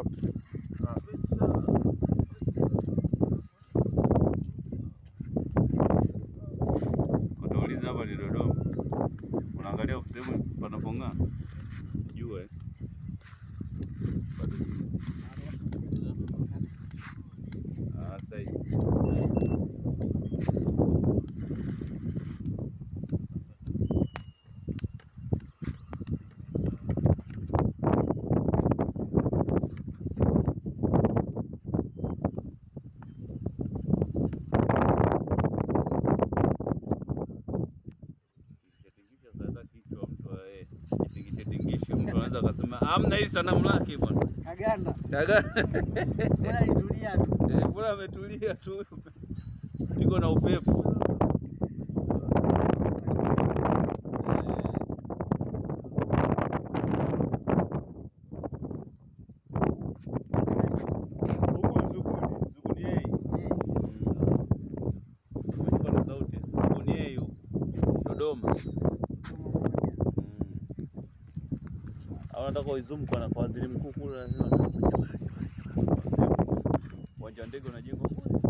up. Kutuuliza hapa ni Dodoma, unaangalia ofisi panaponga. unaweza ukasema amna hii sanamu lake bwana Kaganda. Kaganda. Bwana alitulia tu. Eh, bwana ametulia tu. Niko na upepo. Eh. Mm. Dodoma. au nataka uizoom kwa kwa waziri mkuu kule, lazima uwanja wa ndege unajengwa kule.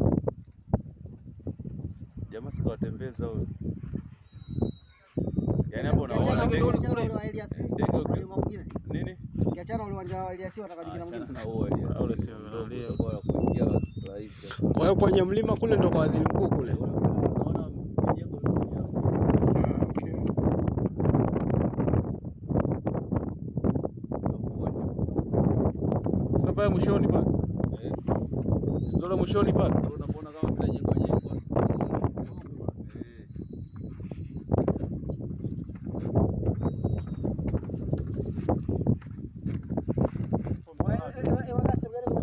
Jamaa sika watembeza huyo, yaani hapo unaona ndege kule kule ndege nini, kiachana ule uwanja wa Eliasi, watakajikina mwingine au sio? Ndio, kwa kuingia rais. Kwa hiyo kwenye mlima kule ndo kwa waziri mkuu kule. pale mwishoni pale. Eh. Ndio mwishoni pale. kama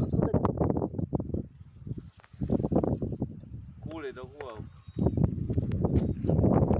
vile jengo jengo. Kule itakuwa